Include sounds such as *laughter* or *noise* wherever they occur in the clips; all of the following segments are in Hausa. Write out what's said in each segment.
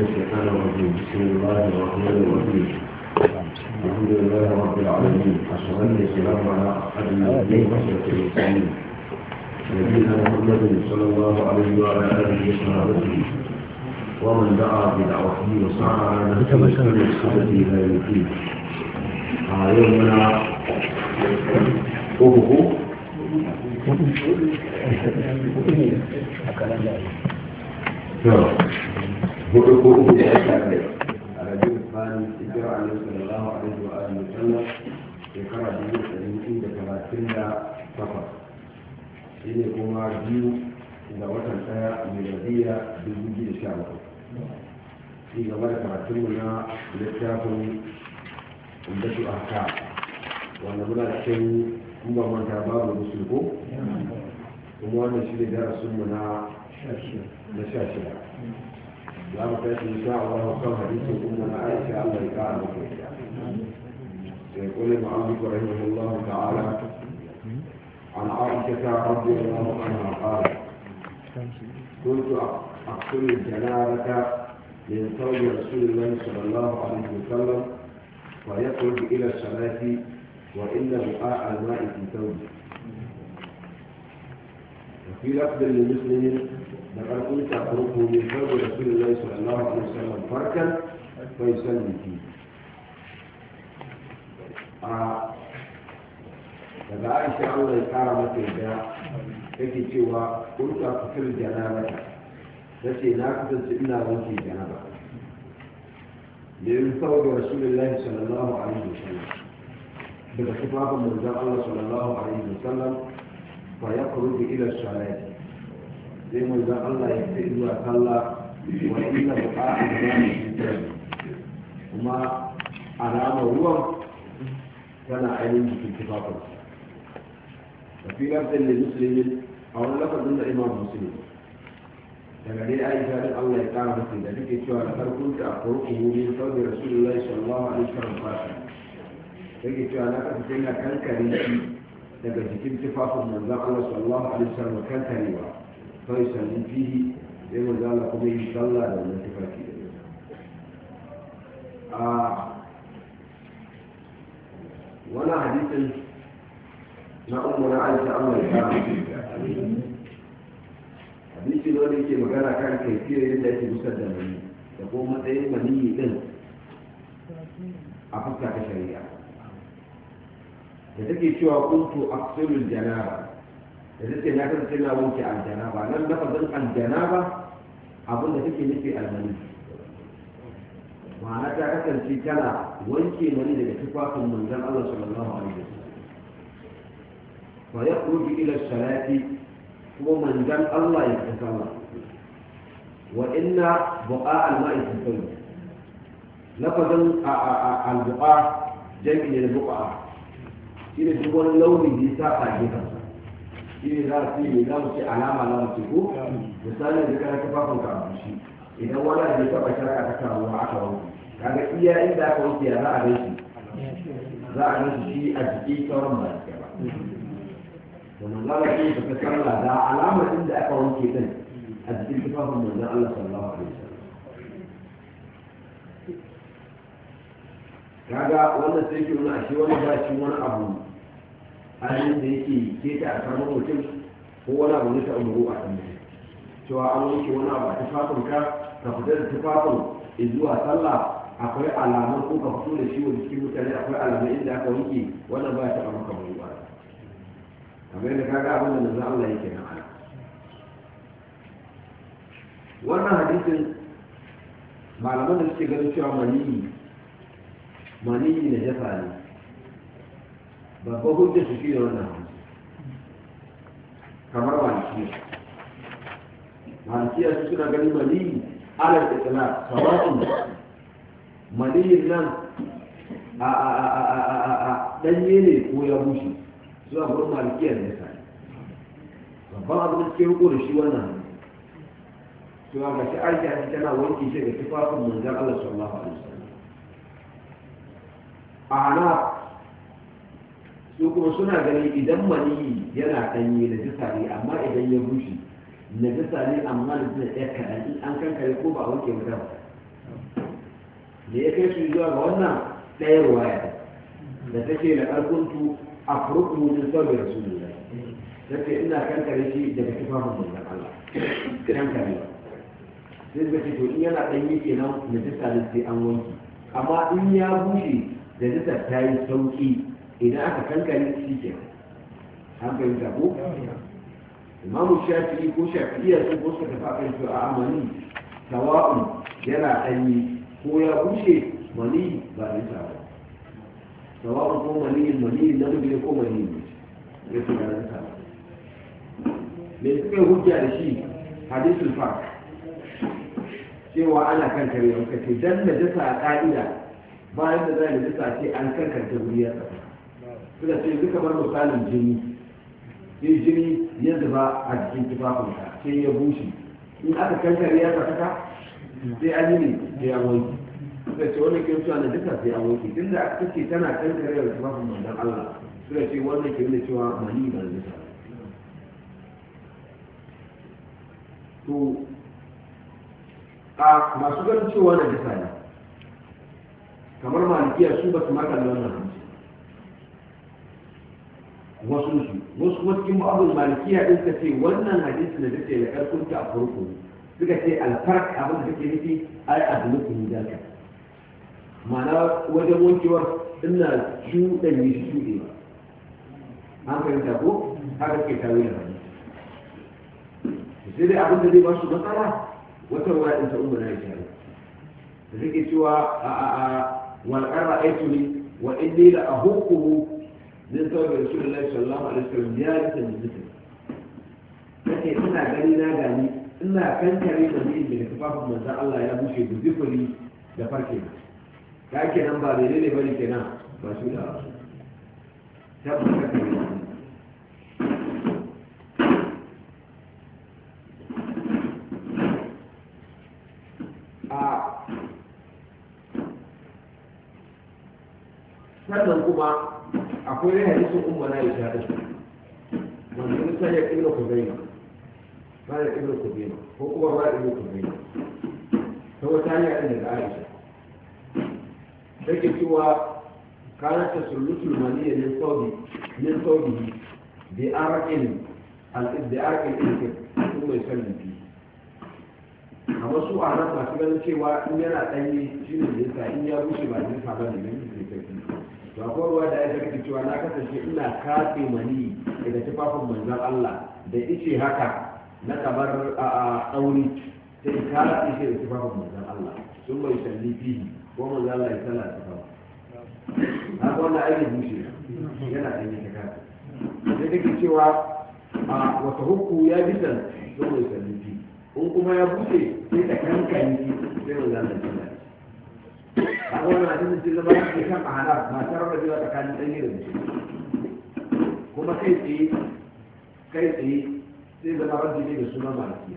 الشيطان الرجيم بسم الله الرحمن الرحيم الحمد لله رب العالمين والصلاة والسلام على أحد النبيين وأشرف المرسلين نبينا محمد صلى الله عليه وعلى آله وصحبه ومن دعا بدعوته وسعى على نهجه بسنته إلى يوم الدين آه، يومنا وهو Yeah. *laughs* نعم. hudu ko uku da shafi a rajin fani ikirar alaihi sallallahu alaihi wa shekara dubu ɗari da talatin da kuma biyu da watan ɗaya miladiya dubu biyu da sha karatunmu na littafin umbatu aka wanda muna babu musul ko darasinmu na sha shida za mu tashi insha Allah kan hadisin umma يقول Aisha Allah ya kara maka عن عائشة رضي الله عنها قال كنت أقتل الجنابة من ثوب رسول الله صلى الله عليه وسلم ويخرج إلى الصلاة وإن بقاء الماء في ثوبه وفي لفظ لمسلم لقد قلت اخرجه من حوض رسول الله صلى الله عليه وسلم فركا فيسلم فيه فبا آه، عائشة الله الكرامة الداع فكي سوى قلت اقتل جنابك لا اقتل سبنا وانتي جنابك لأن فوق رسول الله صلى الله عليه وسلم بدأ من الله صلى الله عليه وسلم فيقرب إلى الصلاة sai zan Allah ya ce zuwa sallah wa inna buqa'a zamani kuma alamar ruwan tana ainihin jikin tufafin da fi lafzin da musulmi a wani lafazin da imam musulmi daga dai aisha din Allah ya kara mutum da take cewa da farkon ta farko ne saboda rasulullahi sallallahu alaihi wasallam fata take cewa na kasance na kankare daga jikin tufafin manzon Allah sallallahu alaihi wasallam kankarewa fai da wannan tufafi a ah, wannan hadisin na ummu na Aisha Allah ya kara hadisi ne wanda yake magana kan kaifiyar yadda ake busar da mani da ko matsayin maniyi din a ta shari'a da take cewa kuntu aqsilul janaba da nufin ya kasance na wanke aljana ba nan dafa lafazin aljana ba abin da take nufi almani ma'ana ta kasance tana wanke mani daga tufafin manzon Allah sallallahu alaihi wasallam fa yakhruju ila salati kuma manzon Allah ya tsalla wa inna buqa al-ma'i tsalla lafazin al-buqa jami'i ne da buqa shi ne duk wani launi da ya saba gefen shi ne za su yi za mu alama za mu ko misali da kana tufafin ka abu shi idan wani abu ya taba shaka ta kawo aka wanke kaga iya inda aka wuce ya za a gan shi za a gan shi a jiki sauran ba su ba da manzala ce ta kasar lada alamar inda aka wuce din a jikin tufafin manzan Allah sallallahu alaihi wasallam kaga wannan sai ke nuna ashe wani ba wani abu halin da yake keta a karɓar mutum ko wani abu na ta'amuru a kan cewa an wanke wani abu a tufafinka ka fita da tufafin zuwa sallah akwai alamun ko ka fito da shi wa jikin mutane akwai alamun inda aka wanke wannan ba ya taɓa maka mai ba kamar yadda ga abin da manzo Allah yake nan ala wannan hadisin malaman da suke ganin cewa maniyi maniyi na jasa ne ba ko hujja su shi da wannan kamar malikiya malikiya su suna ganin maliyi ala tsana sawa'un maliyin nan a a a ne ko ya bushe zuwa gurin malikiya ne sai babban abin da suke riko da shi wannan to ga shi aiki aisha ta na wanki shi da tufafin manzon Allah sallallahu alaihi wasallam a hana su kuma suna ganin idan mani yana ɗanye na jisa ne amma idan ya bushe na jisa ne amma da suna ɗaya kaɗan in an kankare ko ba a wanke wuta ba da ya kai su zuwa ga wannan ɗaya ruwaya da ta ce da alkuntu a furuɗin wajen su ne ta ce ina kankare shi daga tufafin manzan Allah kankare sai suka ce to in yana ɗanye kenan na jisa ne sai an wanke amma in ya bushe da jisa ta yi sauƙi idan aka kankare shi ke an fahimta ko imamu shafi'i ko shafi'iyya sun ko suka tafi akan cewa a mani tawa'un yana ɗanyi ko ya kushe mani ba da ita ba tawa'un ko mani mani na dubi ko mani ne ya ce da ta ba me suka hujja da shi hadisul fa cewa ana kan kare don da dan a ka'ida bayan da za a jasa ce an kankanta wuriyar tsaka suka ce yanzu bar misalin jini sai jini ya zuba a jikin tufafinka sai ya bushe in aka kankare ya sakaka sai an yi ne sai ya wanki suka ce wannan ke suwa na duka sai ya wanki tun da aka ce tana kankare da tufafin wanda Allah suka ce wannan ke da cewa mani ba da duka to a masu ganin cewa na duka ne kamar malikiya su ba su makalla wannan wasu su wasu wasu mu'abul malikiya din ka ce wannan hadisin da take da karfin ta a farko suka ce alfarq abin da take nufi ai adlukum dalika ma'ana wajen wankewar ina shuɗan ni shuɗe ba an fahimta ko haka ke tawo da hadisi sai dai abin da zai ba su matsala wata ruwa ɗin ta umma na yi tare da suke cewa a a a walƙar ra'aitu ne wa inni la ahuquhu zai sau da rasu da lafi sallallahu alaihi wasallam ya yi san jikin kake ina gani na gani ina kankare da ni da kafafun manzan Allah ya bushe da zikuri da farke ka kenan ba daidai ne bane kenan ba su da tabbata kenan akwai hadisin umma na isha da wannan sai ya kira ku bai ba ya kira ku bai ko kuma ba ya kira ku bai ta wata hanya din da Aisha take cewa kana ta sulutul maniya ne saudi ne saudi bi arqin al-ibda'in ilkin kuma yusallin fi amma su a nan masu ganin cewa in yana ɗanyi shi ne da yasa in ya bushe ba zai saba ne ne ne to ruwa da ya take cewa na kasance ina kafe mani daga tufafin manzan Allah da ice haka na kamar a ɗauri sai rafi shi da tufafin manzan Allah sun bai shalli fihi ko manzan Allah ya sallah tufafi haka wannan aikin bushe yana da yake katse da take cewa a wata hukku ya bisa sun bai shalli fihi in kuma ya bushe sai ta kankani sai manzan Allah ya sallah a wani hadisin cikin zama yake kan ahana matar rabewa tsakanin ɗanye da mace kuma kai tsaye kai tsaye sai zama rabbi ne da sunan malaki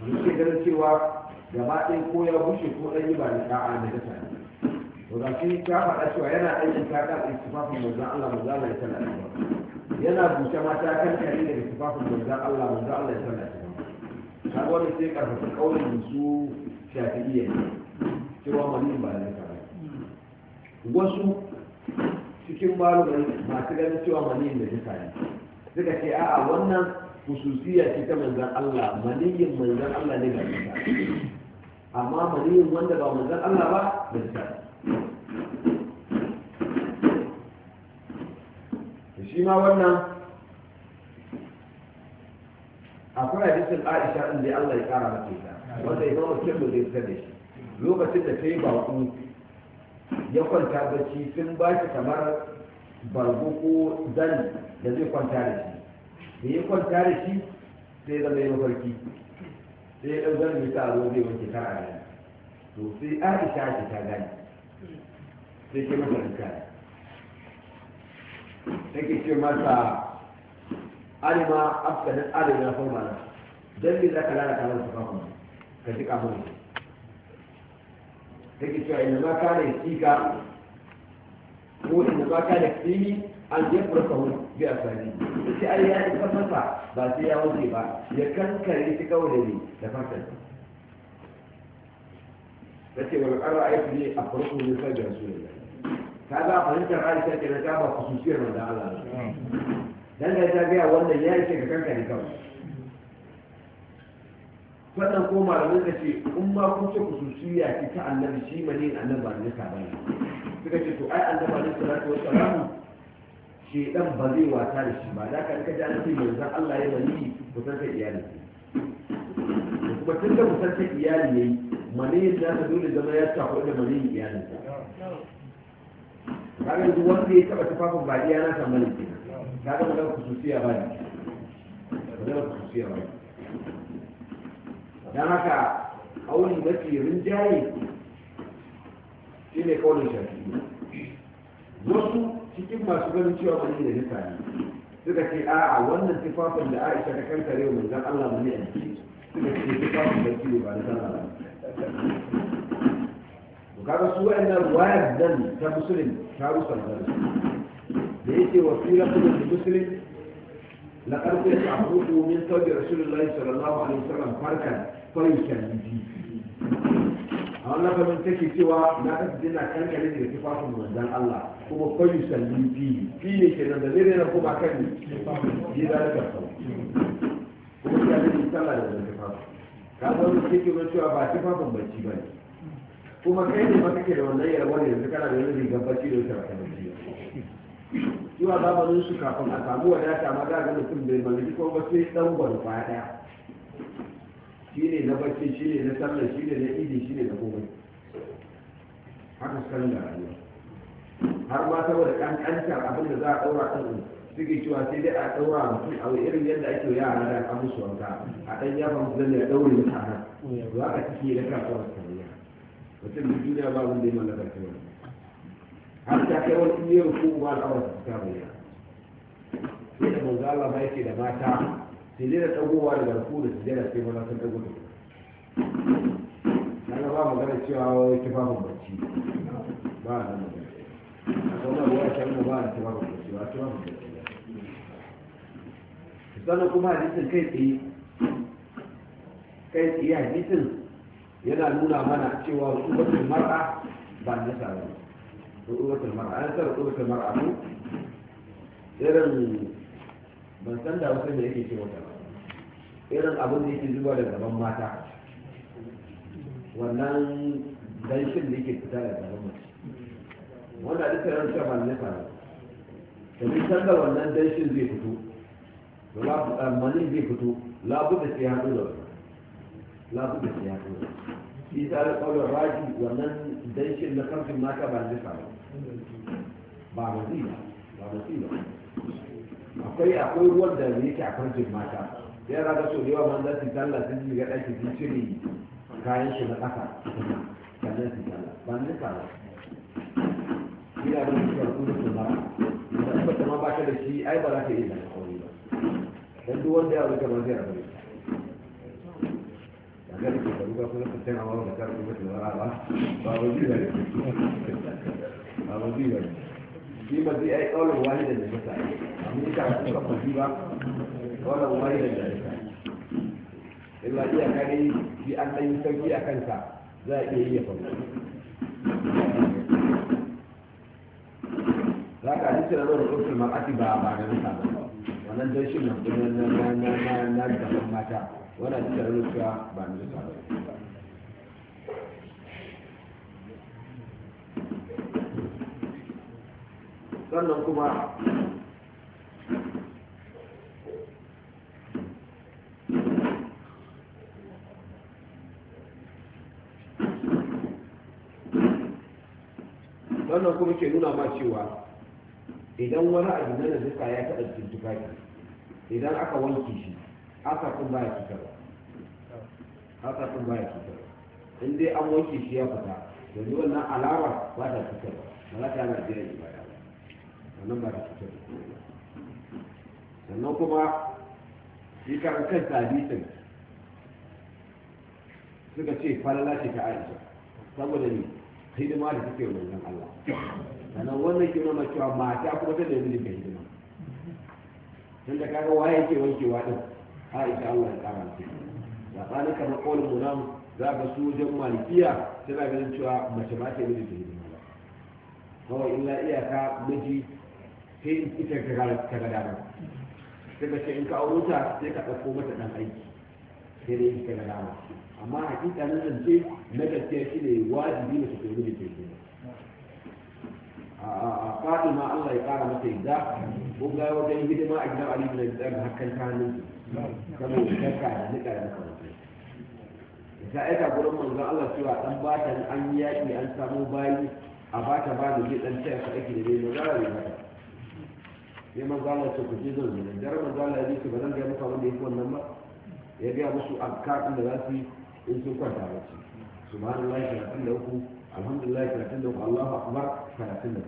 wani ke ganin cewa gaba ɗin ko ya bushe ko yi ba da ka'a da gasa ne to ga shi ta faɗa cewa yana aikin ta kan istifafin manzan Allah manzan Allah ya sallah yana buce mata kan kare da istifafin manzan Allah manzan Allah ya sallah ta ga wani sai karfafa kaulin su shafi'iyya ne cewa wani ba ne ka wasu cikin malumai masu ganin cewa maniyin da duka ne suka ce a'a wannan hususiya ce ta manzan Allah maniyin manzan Allah ne ga duka amma maniyin wanda ba manzan Allah ba da duka shi ma wannan akwai hadisin Aisha din da Allah ya kara mata wanda Imam da ya tsare shi lokacin da ta yi baƙo ya kwanta bacci sun ba shi kamar bargo ko zani da zai kwanta da shi da ya kwanta da shi sai zama yi mafarki sai ya ɗan zani bisa zo zai wanke ta a nan to sai aisha ce ta gani sai ke masa rika take ce masa alima afganin alima na forma na don bi za ka lalata masa kafin ka ji kamar take cewa inda ma kana yasika ko inda ma kana yasini an jefar sahun bi asali sai ai ya isa masa ba sai ya wuce ba ya kankare shi kawai da ne da fatan tace wal qara'atu li afruqu min sajda rasulillah kaga fahimtar Aisha ke da ta ba kusurciyar manzo Allah dan da ta ga wannan ya ce ka kankare kawai fadan ko malamin ka ce in ma kun ce ya ki ta annabi shi mani annabi ba ne ka bane suka ce to ai annabi alaihi salatu wassalamu shi dan ba zai wata da shi ba da ka ji annabi ce manzon Allah ya bani san sai iyali kuma tun da san sai iyali yayi mani da ta dole zama ya ta da mani iyalin sa kaga duk wanda ya taba tafafin ba iyali na ta mani kenan kaga magana kususiya ba ne ku kususiya ba ne don haka kauli mafi rinjaye shi ne kaulin shafi wasu cikin masu ganin cewa wani da nufa ne suka ce a'a wannan tufafin da aisha ta kanta rewa mai, zan allah mani a jiki suka ce tufafin da ke ba na sallah ba kaga su wa'annan ruwayar nan ta musulun ta rusar da da ce wa fi lafazin da musulun na karfe a abubu min tawbi rasulullahi sallallahu alaihi wasallam farkan farishan ji a wani lafazin take cewa na ɗansu yana kankare daga tufafin manzan Allah kuma farishan ji fi fi ne ke nan da zai rena kuma kan ji da daga sau kuma ya zai sallah da zai tufafin ka san wani take mai cewa ba tufafin bacci ba ne kuma kai ne ba kake da wannan yarwar yanzu kana da wani rigar bacci da wutar kan bacci zuwa zamanin su kafin a samu wadata ma za a ga mutum bai mallaki ko ba sai dan gwalfa ɗaya shi ne na bacci shi ne na sallar shi ne na idi shi ne na komai haka sanin da rayuwa har ma saboda kankantar abin da za a ɗaura ɗin suke cewa sai dai a ɗaura mutum a irin yadda ake yara da an musu wanka a ɗan ya mutum da ya ɗaure mutum a nan za a ciki na kasuwar tarayya mutum da duniya ba wanda ya mallaka ta wani har ta kai wani iya ko ba al'awar ta bayyana sai da manzo Allah ba yake da mata sai dai da dagowa daga da sujjada sai maza sun ta da kaga ba magana cewa wai tufafin ba a nan magana a kuma ruwa can ba a tufafin bacci ba tufafin bacci sannan kuma hadisin kai tsaye kai tsaye hadisin yana nuna mana cewa rukubatul mar'a ba na samu rukubatul mar'a an san rukubatul mar'a ko irin ban san da wasu da yake ce wata ba irin abin da yake zuba da gaban mata wannan danshin da yake fita da gaban mace wanda duka ran cewa ba ne faru domin san da wannan danshin zai fito da manin zai fito labu da sai haɗu da wani labu da sai haɗu da shi ta da ƙaunar raji wannan danshin na kamfin mata ba ne faru ba ba zai ba ba zai ba akwai akwai ruwan da yake a farjin mata yara ga so yawa man za talla sun ji ga ɗaki sun cire kayan shi na ƙasa sannan su talla ba ne ka ina su karɓi da su mara da kuma ta ba ka da shi ai ba za ka yi da ba dan duk wanda ya rubuta ba zai rabu da da kuma tana da mara ba ba ba ba ba ba shi ba zai yi ƙaunar wani da nisa ni ka kuka kuɗi ba ƙaunar wani da nisa illa iya kare shi an ɗan sauƙi a kansa za a iya yi ya faru za ka ji cire zuwa rukun mar'ati ba ba na nisa ba wannan don shi na na na na na na na na na na na na na na na na na sannan kuma sannan kuma ke nuna ma cewa idan wani abu na nazika ya taɓa cikin tufafi idan aka wanke shi aka kun baya cutar aka kun baya cutarwa in dai an wanke shi ya fita yanzu wannan alama ba ta cutarwa ba za ta yana jiran ibada wannan ba da cutar da kuma sannan kuma shi kan kan hadisin suka ce falala ce ta aisha saboda ne hidima da suke wannan Allah sannan wannan ke nuna cewa mata kuma ta da mijin hidima tun da kaga waye ke wankewa din aisha Allah ya ce mutum tsani kamar kawai mu nan za ka su wajen malikiya tana ganin cewa mace ma ta yi mijin hidima ba kawai illa iyaka miji sai in ita ta ga dama sai ka ce in ka auro ta sai ka ɗauko mata ɗan aiki sai dai in gada ga dama amma hakika na zance na gaskiya shi ne wajibi na su da ke a fatima allah ya kara mata yadda ko ga wajen hidima a gidan ali bin abi talib hakan ta hannun saboda shakka da nika da makamantai ta aika gurin manzon allah cewa dan bata an yaki an samu bayi a bata ba da zai dan taya su aiki da bai mazara da bata sai manzo Allah ce ku je zan zo da jar manzo Allah ya ce ba zan ga muku abin da yake wannan ba ya ga musu abka din da za su yi in sun kwanta bacci subhanallahi 33 alhamdulillah 33 Allahu akbar 33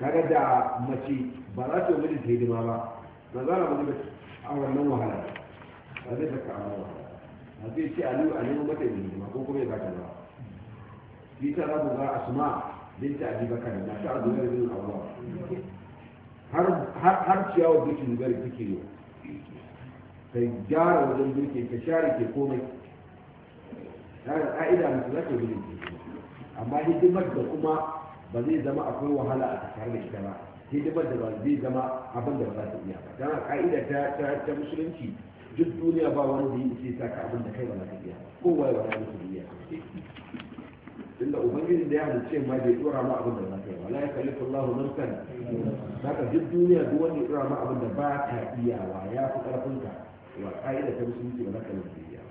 kaga da mace ba za ta yi hidima ba na za ta yi a wannan wahala ba zai saka a wahala ba zai ce a nemi mata hidima ko kuma ya ba ba. Bisa za ku ga asma binta abubakar bakar da ta abdullahi bin awwa har har har ciyawa bikin gar biki ne kai gyara wajen duke ka share ke komai yana ka'ida na su zaka gudun amma hidimar da kuma ba zai zama akwai wahala a tare da ita ba hidimar da ba zai zama abin da ba ta iya ba dan ka'ida ta musulunci duk duniya ba wani da yake sa ka abin da kai ba za ka iya kowa ya ba za ka iya tunda ubangiji da ya halice ma bai dora ma abin da ba kai wala yakallifu Allahu nafsan haka duk duniya duk wanda ya dora ma abin da ba ka iyawa ya fi karfin ka wa kaida ta musulunci ba za ka lafi iya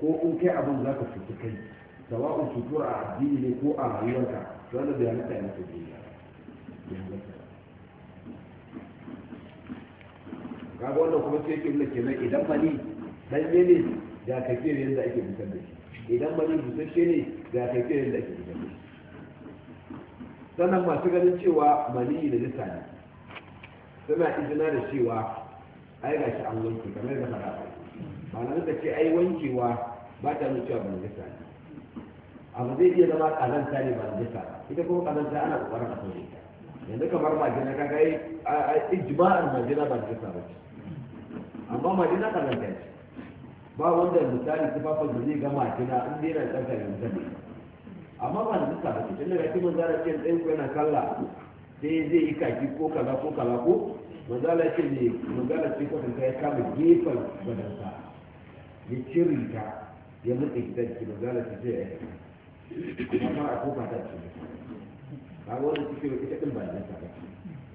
ko in kai abin za ka cuci kai sawa'un cutur a addini ne ko a rayuwarka to da bai halitta ya maka duniya kaga wannan kuma sai ke nuna kenan idan bani danye ne da kafiyar yadda ake fitar da shi idan mani busasshe ne ga ka da ake gani sannan masu ganin cewa mani da nisa ne suna izina da cewa ai ga shi an wanke kamar da fara ba na nuka ce ai wankewa ba ta nuna cewa ban nisa ne abu zai iya zama kazanta ne ban nisa ita kuma kazanta ana kokarin a sauye ta yanzu kamar majina kaga ai ijma'ar majina ban nisa ba ce amma majina kazanta ce ba wanda misali tufafin da zai gama kina in dai yana tsarka yin zane amma ba da duka haka tun daga cikin zara ce ɗan ku yana kalla sai zai yi kaki ko kaza ko kaza ko manzala ce ne manzala ce kwatan ta ya kama gefen badansa ya cire ta ya mutu ita ce manzala ce sai ya yi amma a kofa ta ce ba wanda suke ita ɗin ba da ta ba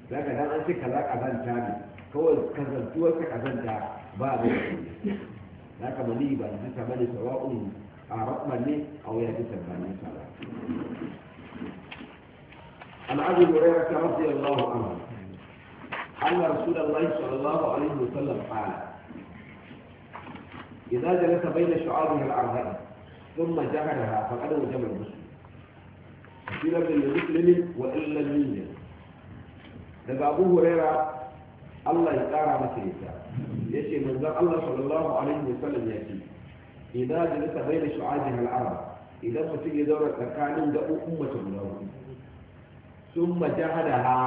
za ka dan an ce kaza kazanta ne kawai kazantuwar ka kazanta ba a bai haka mani ba ni jisa bane sawa'un a rabban ne a wuya jisa ba ne sala an abu hurairah ta rabbi radiyallahu anhu anna rasulullahi sallallahu alaihi wasallam qala إذا جلس بين شعابها الأربعة ثم جهلها فقد وجب المسلم كثيرا من المسلم وإلا الميزان daga abu huraira allah ya kara masa yadda يأتي من ذا الله صلى الله عليه وسلم يأتي إذا جلس بين شعاجها العرب إذا فتي دورة كانوا دعوا أمة منهم ثم جهدها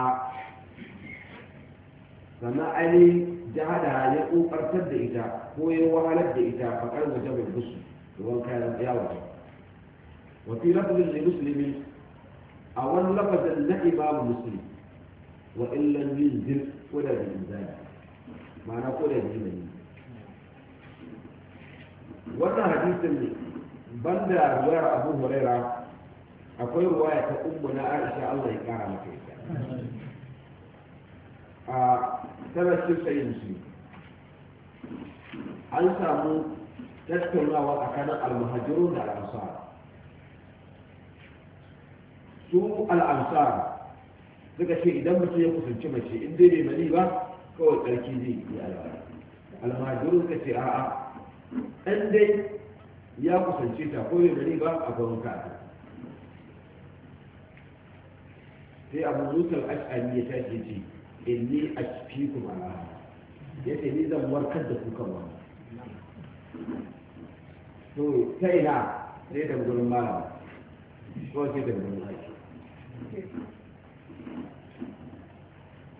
فما علي جهدها يقو أرتد إتا هو يوالد إتا فقال وجب الحسن هو كان يا وجب وفي لفظ لمسلم أول لفظ لك باب مسلم وإن لم ينزل ولا بإنزاله ma'ana ko da biyu mai wannan hadisin banda ruwayar abu huraira akwai ruwaya ta ummu na aisha allah ya kara maka ita a shi sayin su an samu tattaunawa tsakanin almuhajirun da al'amsar su al'amsar suka ce idan mutum ya kusanci mace in dai bai mani ba kawai tsarki zai yi alwala almajiru ka ce a'a ɗan dai ya kusance ta ko bai ba a gaban ka sai abu zutar ash'ari ya tashi ce inni kuma ala ya ce ni zan warkar da kuka ba. to ta ina sai da gurin malam ko sai da gurin haƙi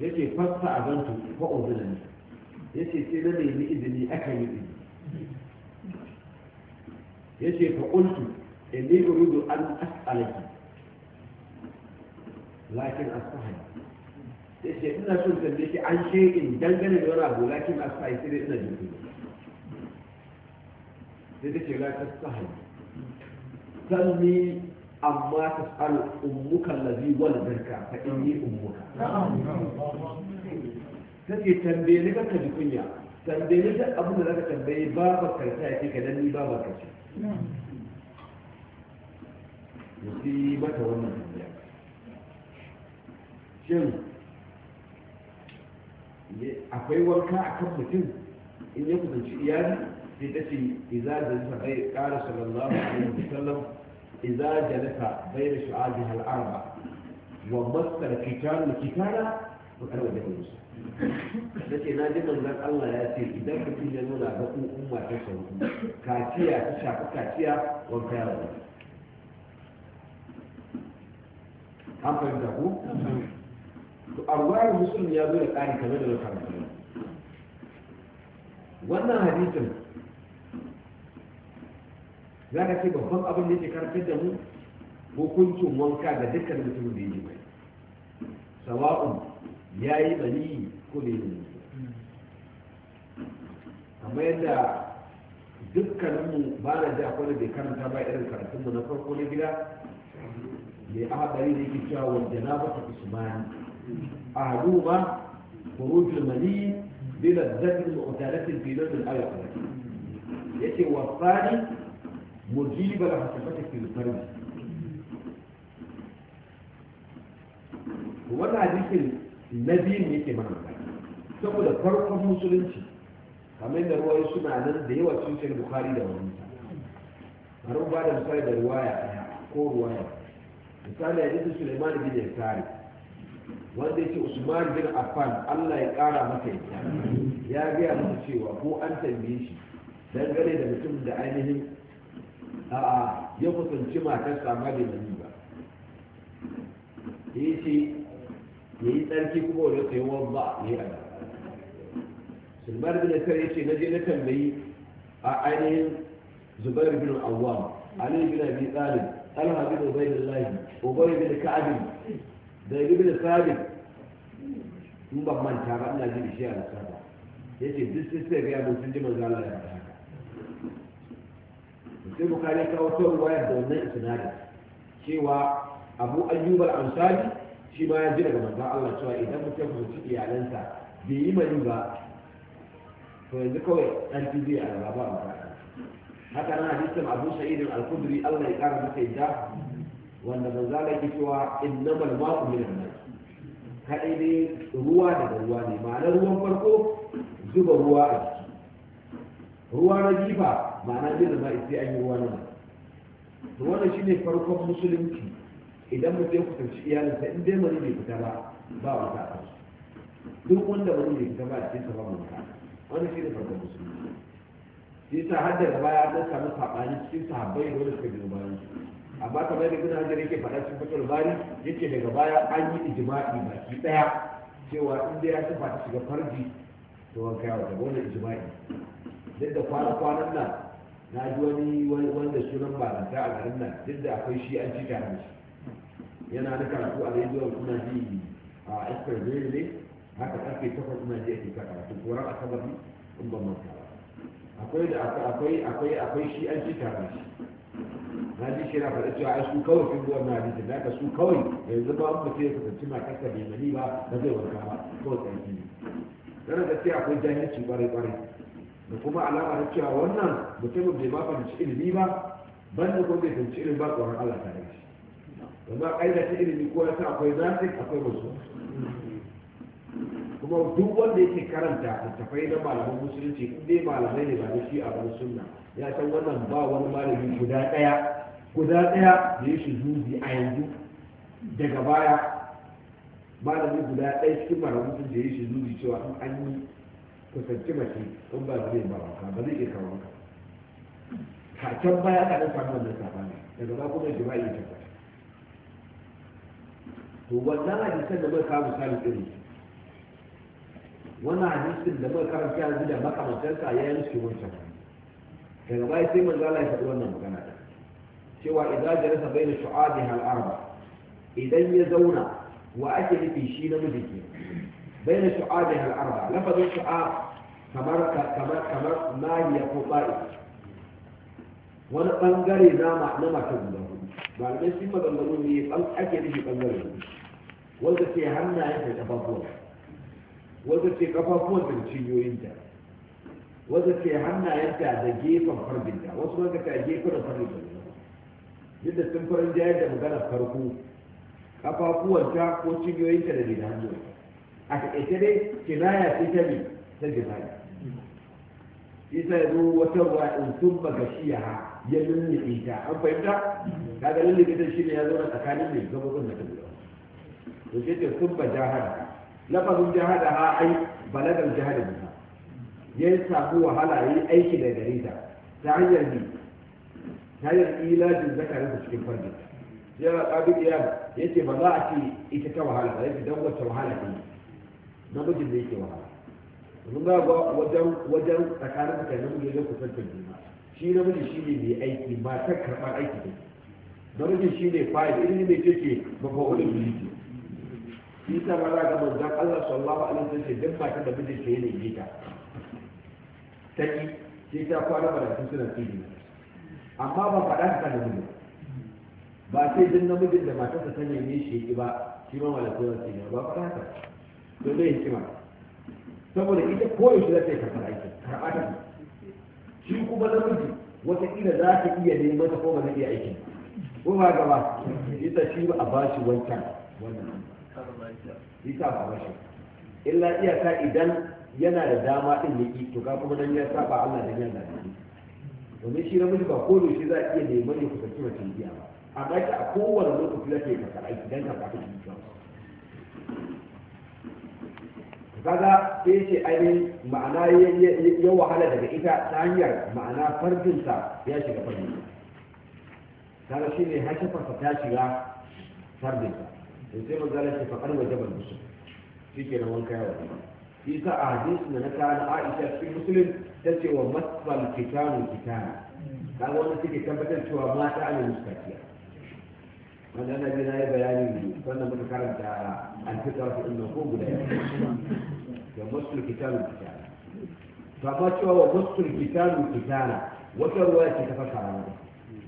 yace fasta azantu wa udhilani yace sai na nemi izini aka yi izini yace fa in ni urudu an as'alaki lakin asfahi yace ina son tambaye ki an in dangane da wani abu lakin asfahi sai ina jin sai take la tasfahi ni amma ta tsaro ummukan lazi waladarka fa in yi ummuka ta ce tambaye ni ka ji kunya tambaye ni ta abin da zaka tambaye babar karta ya ke ka dan ni babar karta yi mata wannan tambaya shin akwai wanka a kan mutum in ya kusanci iyali sai ta ce iza da zai ƙara sallallahu alaihi wasallam إذا جلس بين شعابها الأربع ومس الكتان كتانا وكان وجهه يوسف nace na ji manzon Allah ya ce idan mutum ya nuna ga umma ta kaciya ta kaciya wanka ya wani an fahimta ku to arwayar musulun ya zo da ƙari kamar da na wannan hadisin za ka ce babban abin da ke karantar da mu hukuncin wanka ga dukkan mutumin da yake mai sawa'un ya yi bani ko bai yi amma yadda dukkaninmu ba na ji akwai da bai karanta ba irin karatun mu na farko na gida mai ahadari da yake cewa wanda na bata usmani ahadu ma kurujul mali bila zadin mu'talatin fi nazil ayatul yace wasani مجيب لحسناتك في الفرد wannan hadisin na biyun yake mana saboda farkon musulunci kamar da ruwaye suna nan da yawa sun sai bukari da wani bari ba da misali da ruwaya ɗaya ko ruwaya misali a jikin suleiman bin yasari wanda yake usman bin affan allah ya ƙara masa yadda ya gaya masa cewa ko an tambaye shi dangane da mutum da ainihin a'a ya kusanci matarsa ma da mani ba ya ce ya yi tsarki kuma wani sai wani ba ya yi ada sulmar bin asar ya ce na je na tambayi a ainihin zubar bin awwam ali bin abi talib talha bin ubaydillah ubay bin ka'abin da bin sabit in ban manta ba ina jin shi a nasaba yace duk sai sai ga mun sun ji manzo Allah ya sai bukari ya kawo ta ruwaya da wannan isnadi cewa abu ayyub al-ansari shi ma ya ji daga manzon Allah cewa idan mutum ya iyalansa bai yi mani ba to yanzu kawai dan tibi a ba haka nan hadisin abu sa'id al-khudri Allah ya kara masa yadda wanda manzo Allah yake cewa innamal ma'u min al-ma' kadai ne ruwa daga ruwa ne ma'ana ruwan farko zuba ruwa a ciki. ruwa na jifa ma'ana bin ma sai an yi ruwa na ruwa shi shine farkon musulunci idan mutum ya kusanci iyalinsa in dai mani bai fita ba ba wata a kansu duk wanda mani bai fita ba a cikin ba wani ka wannan shine farkon musulunci shi ta har daga baya an samu sabani cikin sahabbai da wani suka biyo bayan su amma kamar da gina hajjar yake faɗa cikin fitar bari yake daga baya an yi ijma'i baki ɗaya cewa inda ya tafa ta shiga farji to wanka yawa daga wannan ijma'i duk da kwanan nan na ji wani wanda sunan baranta a garin nan duk da akwai shi an ci tare shi yana da karatu a rediyo kuna ji a espresso ne haka karfe takwas kuna ji ake karatu koran asabar in ban manta ba akwai da akwai akwai akwai shi an ci tare shi na ji shi na faɗa cewa ai su kawai fi buwan na hadisin da su kawai yanzu ba mutum ya kasance na kasa bai mani ba na zai wanka ba kawai tsarki ne. da gaskiya akwai jahilci kwarai kwarai da kuma alama na cewa wannan mutumin bai ma fahimci ilimi ba ban da kuma bai fahimci ilimi ba tsoron Allah ta yi amma ƙa'ida ta ilimi ko yasa akwai zafi akwai musu kuma duk wanda yake karanta littafai na malaman musulunci in dai malamai ne ba da shi a bar sunna ya san wannan ba wani malami guda ɗaya guda ɗaya da ya shi zuzi a yanzu daga baya malami guda ɗaya cikin malaman sun da ya shi zuzi cewa an yi kusanci mace in ba zai ba wanka ba zai iya kawo wanka a can baya ka ɗan samu wannan sabani daga ba kuma jima'i ta kwata to wannan hadisan da muka kawo misali irin? wannan hadisin da muka karanta yanzu da makamantarsa ya yi nufi wancan daga baya sai manzo Allah ya faɗi wannan magana da. cewa idan jalasa baina shu'abiha al-arba idan ya zauna wa ake nufi shi namiji kenan بين شعابها الأربعة لفظ الشعاب كمر كمر كمر ما هي قبائل ونبنغري نما نما كذبه بل من ثم بنغري بل أكيد في بنغري ولدت يهمنا عند تبطل ولدت يقفافون من تشيو إنت ولدت يهمنا عند دقيقة فرد إنت وصلنا كتاجيك ولا فرد إنت جدا تنفر إنت عند مدرس فرقو قفافون تاكو تشيو إنت الذي نعمل a taƙaice dai kinaya ce ta ne ta jihadi isa ya zo wata ruwa in sun baga shiya ya lullube ta an fahimta kaga lullube ta shi ne ya zama tsakanin mai gabobin da ta guda to sai ce sun ba jahada lafazin jahada ha ai balagar jahada biha ya samu wahala ya yi aiki da gare ta ta hanyar bi ta hanyar ilajin zakarinsa cikin fargin sai ya ƙabi ya ce ba za a ce ita ta wahala ba ya fi don wata wahala ta yi namijin da yake wahala domin ga wajen wajen tsakanin na namiji wajen kusantar juna shi namiji shi ne mai aiki matar karɓar aiki da Namijin shi ne fa'id irin ne ce ce wani biliki shi ta ba za ga manzan Allah sallallahu alaihi wasallam ce duk matar da mijin ke ne yi ta ta ki shi ta kwana da suna tsiri amma ba faɗa ta namiji ba sai duk namijin da matarsa ta neme shi ba shi ma malakai wasu ne ba faɗa ka don zai hikima saboda ita koyaushe za ta yi karɓar aiki karɓa ta shi kuma na namiji wataƙila za ta iya neman ta ko ba zai iya aiki ko ba gaba ita shi ba a ba shi wancan wannan ita ba ba shi illa iyaka idan yana da dama ɗin ya ƙi to ka kuma nan ya saba Allah da yana da domin shi na namiji ba ko shi za a iya neman ya kusanci mace biya ba amma ta a kowane lokaci za ta yi karɓar aiki don karɓa ta kaga sai ce ainihin ma'ana ya wahala daga ita ta hanyar ma'ana fardinsa ya shiga fardi kaga shi ne hashafarsa ta shiga fardinsa in sai manzala ce faɗar waje ban musu shi ke na wanka wa shi sa a hadisi da na da aisha cikin musulun ta ce wa masfal kitanu kitana kaga wanda suke tabbatar cewa mata ne muskaciya wanda ana jina ya bayani wannan muka karanta alfitar su ɗin ko guda ya da masul kitabu kitana to amma cewa wa masul kitabu kitana wata ruwa ce ta fasa rana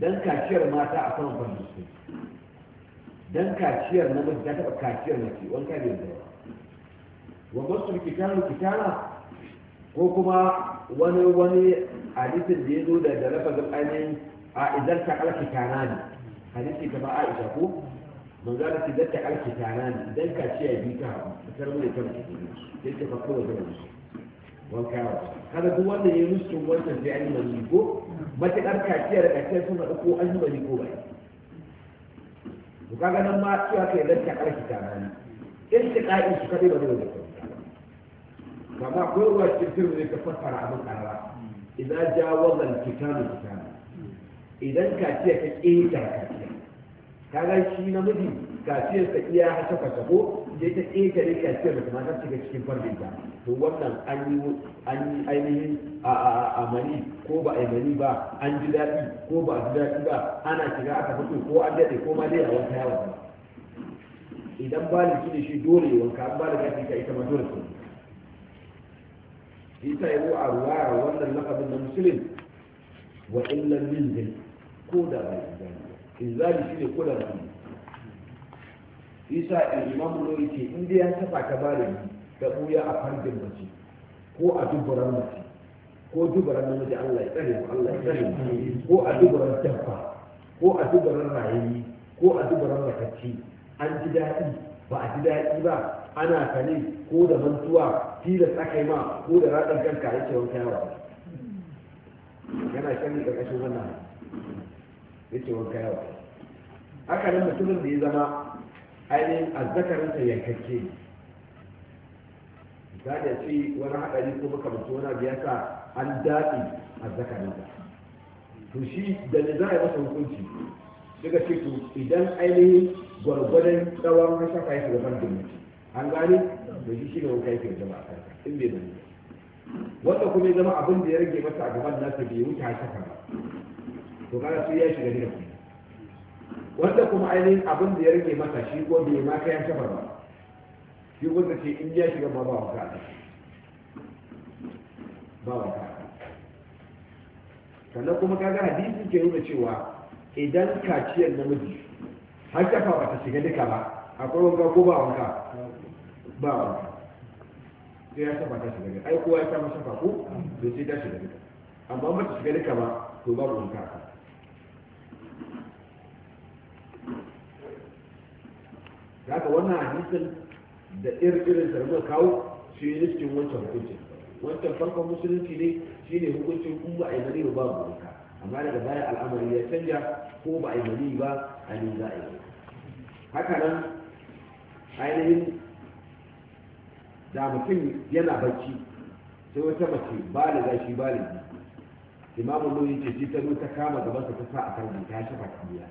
dan kaciyar mata a kan ban su dan kaciyar namiji ta taɓa kaciyar mace wanka bai da wa masul kitabu kitana ko kuma wani wani hadisin da ya zo da da lafazin ainihin a idan ta kitana ne hadisi ta ba isa ko manzara ce zata arki tara ne idan ka ce ya bi ka hawa fitar mai kan cikin sai ta fa kawai da musu wanka wa kada duk wanda ya rusu wannan sai an yi mani ko matuƙar kaciya da kaciya suna ko an yi mani ko ba to kaga nan ma cewa kai zata arki tara ne in ta ƙa'i su kaɗai ba zai da kyau kama akwai ruwa cikin sirri ne ta fassara abin ƙarara idan ja wannan kitabu kitabu idan kaciya ka ƙetare kaciya kaga shi namiji kafiyar sa iya haka ka ko je ta ne kafiyar da mata shiga cikin farin ta to wannan an yi an yi ainihin amani ko ba amani ba an ji dadi ko ba ji daɗi ba ana shiga aka fito ko an dade ko ma dai a wanka yawa idan ni kine shi dole wanka an da shi ka ita ma dole ta ita yi a ruwa wannan lakabin na musulun wa illan min ko da bai gani izali shi ne kula da isa imamu lori ce inda ya taba bare ni da buya a fardin mace ko a duburan mace ko duburan namiji Allah ya tsare mu Allah ya tsare mu ko a duburan dabba ko a duburan rayi ko a duburan makacci an ji daɗi ba a ji daɗi ba ana kane ko da mantuwa tilas aka ma ko da raɗin kanka ya ce wanka yawa yana da ƙarƙashin wannan yake wanka yawa haka nan mutumin da ya zama ainihin azzakarinsa yankakke ne za a ce wani haɗari ko mutu wani abu ya sa an daɗi azzakarinsa to shi da ne za a yi masa hukunci daga ce to idan ainihin gwargwadon tsawon hashafa ya shiga bandin an gane da shi shi ne wanka yake da jama'a kansa in bai zama wanda kuma ya zama abin da ya rage masa a gaban nasa bai wuce hashafa ba to kaga sai ya shiga gidan wanda kuma ainihin abin da ya rage masa shi ko bai ma kayan kafar ba shi wanda ce in ya shiga ba ba wa kaɗa ba wa kaɗa sannan kuma kaga hadisi ke nuna cewa idan kaciyar namiji har kafa ba ta shiga duka ba akwai wanka ko ba wanka ba wanka sai ya shafa ta shiga duka ai kowa ya samu shafa ko bai sai ta shiga duka amma ba ta shiga duka ba to babu wanka a haka wannan hadisin da irin da muka kawo shi ne cikin wancan hukuncin wancan farkon musulunci ne shi ne hukuncin kun ba a yi mani ba babu wanka amma daga baya al'amari ya canja ko ba a yi mani ba a ne za a haka nan ainihin da mutum yana barci sai wata mace baliga ba baliga imamu nuni ce ta zo ta kama gabansa ta sa a kan ta shafa kamiya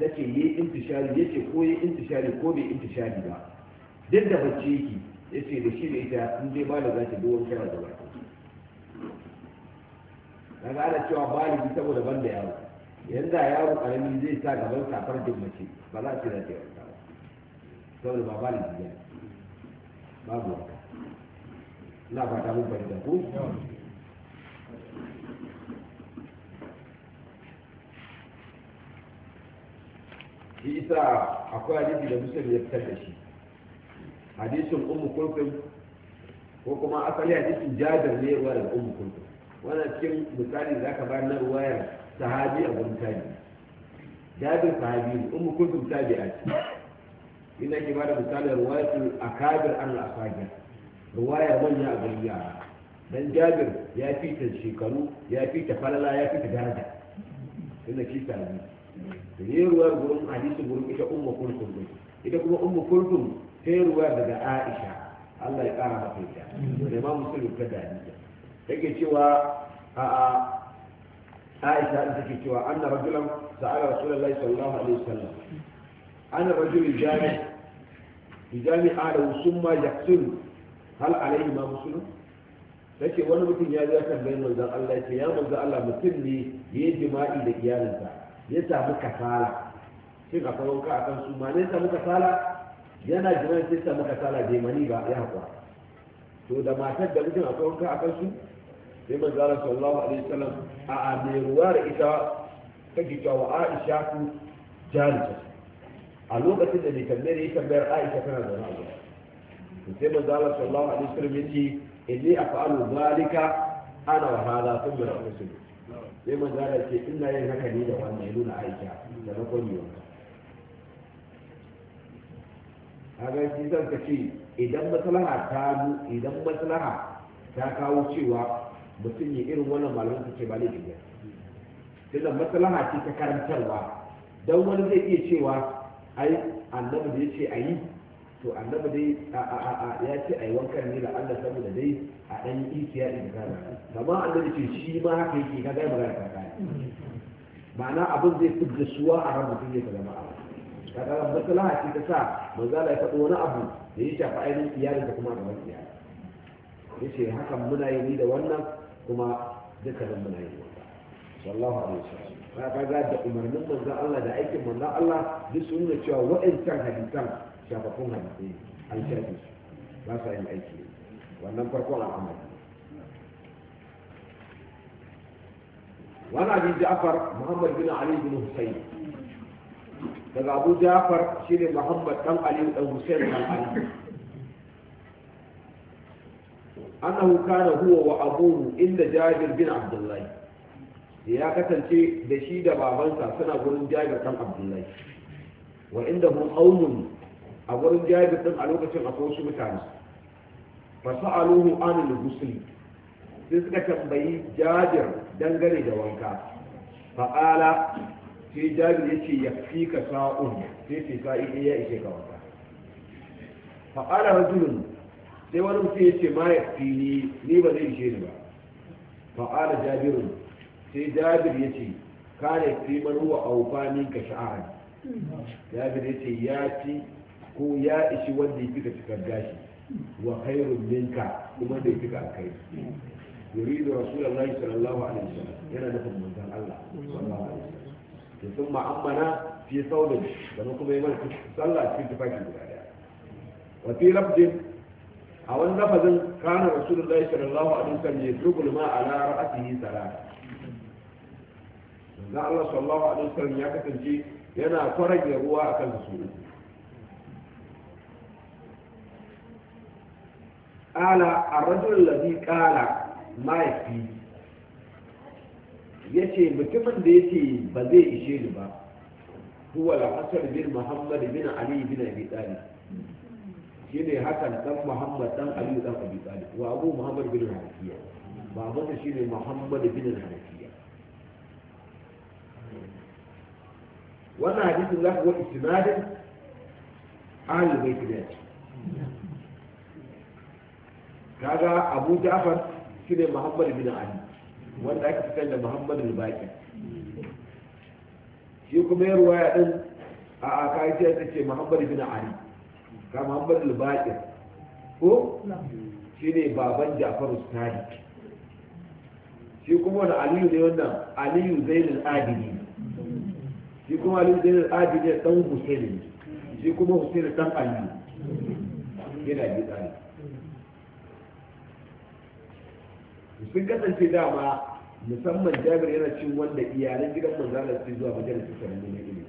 take yi intishari yace ko yi intishari ko bai intishari ba duk da bacci yake yace da shi da ita in dai ba da za ta dogon shara da baki daga ana cewa baligi saboda ban da yaro yanzu a yaro karami zai sa gaban safar da mace ba za a da yaro ta yi ba saboda ba baligi ba babu na fata mun fahimta ko shi isa akwai hadisi da musul ya fitar da shi hadisin ummu kulfin ko kuma asali hadisin jabir ne wa da ummu kulfin wannan cikin misali da zaka bayar na ruwayar sahabi a gurin tabi jabir sahabi ne ummu tabi a ce ina ke bada misalin a akabir an al-asagir ruwayar manya a gurin yara dan jabir ya fita shekaru ya fita falala ya ta daraja ina shi sahabi da gurin hadisi gurin ita umma kulkum ne ita kuma umma kulkum ta yi ruwa daga aisha Allah ya kara mata ita da ma musulun ta dani ke cewa a aisha in ke cewa na rajulan sa'ala rasulullahi sallallahu alaihi wasallam na rajulun jami bijami ala ma yaqsul hal alaihi ma musulun Ta ce wani mutum ya ji kan bayan manzon Allah ya ce ya manzon Allah mutum ne ya yi jima'i da iyalinsa ya samu kasala shin akwai wanka a kan su ma ne samu kasala yana jiran sai samu kasala bai mani ba ya haƙura to da matar da mijin akwai wanka a kan su sai manzara sallallahu alaihi wasallam a a mai ruwa da ita ta cewa wa Aisha ku jarita a lokacin da mai tambayar ya tambayar Aisha tana zaune a gida to sai manzara sallallahu alaihi wasallam ya ce inni af'alu zalika ana wa hada thumma rasul sai manzara ce ina yin haka ne da wannan ya nuna aisha da na a ga shi zan ka ce idan maslaha ta idan maslaha ta kawo cewa mutum ya irin wannan malamin ta ce ba laifin ba tunan maslaha ce ta karantarwa don wani zai iya cewa ai annabi da ya ce a yi to annabi dai ya ce a yi wankan ne Allah saboda dai a ɗan yi ikiya in ba amma annabi ce shi ma haka yake ka ga magana ta kai ma'ana abin zai fi da suwa a ran mutum zai zama ka ga maslaha ce ta sa manzo Allah ya faɗo wani abu da ya shafi ainihin iyalin da kuma gaban iyali yace hakan muna yi ni da wannan kuma dukkanin muna yi sallallahu alaihi wasallam ga da umarnin manzo Allah da aikin manzo Allah duk sun cewa cewa wa'ancan hadisan shafafun hadisai an shafe su ba sa yin aiki wannan farkon al'amari wani abin ja'far muhammad bin ali bin husayn daga abu ja'far shine muhammad dan ali dan husayn dan ali annahu kana huwa wa abuhu inda jabir bin abdullahi ya kasance da shi da babansa suna gurin jabir dan abdullahi wa inda hum qaumun a wurin jabir din a lokacin akwai wasu mutane ba su sa'aluhu anil ghusl sai suka tambayi jajir dangane da wanka fa qala sai ya yace ka sa'un sai sai sa'i ya ishe ka wanka fa qala rajulun sai wani mutum yace ma fi ni ba zai ishe ni ba fa qala jabirun sai ce yace ne fi manuwa a awfani ka sha'an ya yace ya fi ko ya ishi wanda ya fita cikar gashi wa khairun minka kuma da ya fika alkhairi يريد da rasulullahi sallallahu alaihi wasallam yana da fahimtar Allah sallallahu alaihi wasallam to sun ma'amana fi saulin da kuma yi mana sallah cikin tafakin guda daya wa fi lafdin a wani lafazin kana rasulullahi sallallahu alaihi wasallam ya tubul ma ala ra'atihi salat da Allah sallallahu alaihi wasallam ya kasance yana kwarage ruwa akan su ƙala a rajul lazi ƙala mahaifi ya ce mutumin da ya ce ba zai ishe ni ba huwa hasar bin muhammad bin ali bin abi talib shi ne hakan dan muhammad dan ali dan abi talib wa abu muhammad bin hanafiya babansa shi ne muhammad bin hanafiya wannan hadisin za ku wa istinadin ahlul bait ne kaga abu ja'far shi ne muhammad bin ali wanda aka fi da muhammad bin baki shi kuma ya ruwaya din a a kai sai ta ce muhammad bin ali ka muhammad bin baki ko shi ne baban ja'far ustadi shi kuma wani aliyu ne wannan aliyu zainul adili shi kuma aliyu zainul adili dan husaini shi kuma husaini dan aliyu yana bi tsari sun kasance dama musamman jabir yana cin wanda iyalan gidan manzala su zuwa majalisar sarari na ilimi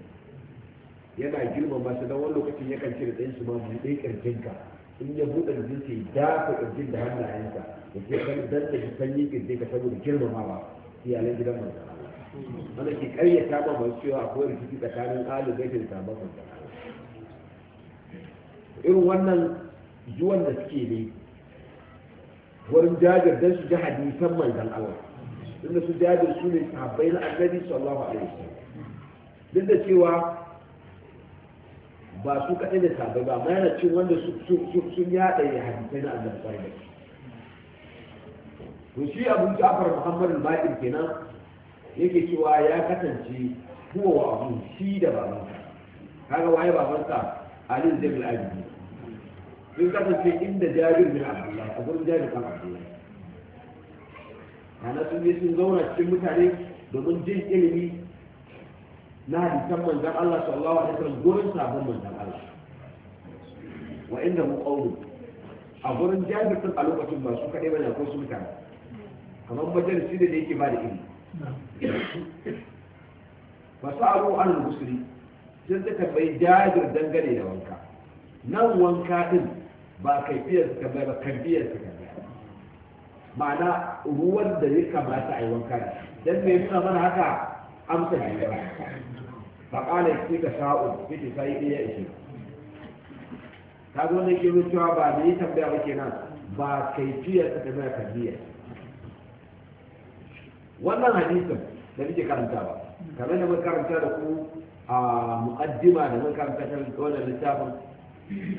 yana girmama su don wani lokacin yakan cire tsayin su ma ƙarfin ka in ya buɗe ƙirjin ya dafa ƙarfin da hannayensa da ke kan dan da shi sanyi ƙirjin ka saboda girmamawa iyalan gidan manzala wanda ke ƙaryata ba masu cewa akwai rikici tsakanin alu bai da sabon manzala irin wannan zuwan da suke ne wurin jabir dan su ji hadisan manzon Allah duk da su jabir su ne sahabbai na annabi sallallahu alaihi wasallam duk da cewa ba su kaɗai da sahabbai ba ma yana cin wanda sun yaɗa ya hadisai na annabi sallallahu alaihi to shi abu ja'far muhammadin baƙin kenan yake cewa ya kasance huwa wa abu shi da babansa kaga waye babansa ali zainul abidin sun kasance inda jabir bin abdullahi a gurin jabir bin abdullahi ana sun je sun zauna cikin mutane domin jin ilimi na hadisan manzan Allah sallallahu alaihi wasallam gurin sabon manzan Allah wa inda mu qawlu a gurin jabir din a lokacin ba su kadai bane akwai su mutane kamar majalisi da yake ba da ilimi fasalu an al-busri sun suka bai jabir dangane da wanka nan wanka din ba kai kaifiyar su tambaya ba kan karbiyar su tambaya ma'ana ruwan da ya kamata a yi wanka da dan me nuna mana haka amsa ne ba fa qala ka sa'u kike sai iya ishe ta zo ne ke rutuwa ba da yi tambaya ba kenan ba kai kaifiyar su tambaya karbiyar wannan hadisin da nake ba kamar da mun karanta da ku a muqaddima da mun karanta ta wannan littafin